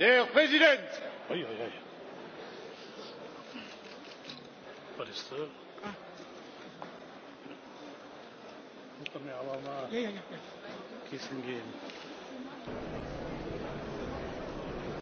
Der Präsident! Oi, oi, oi. Was ist das? Ich Muss man mir aber mal ja, ja, ja. Kissen geben.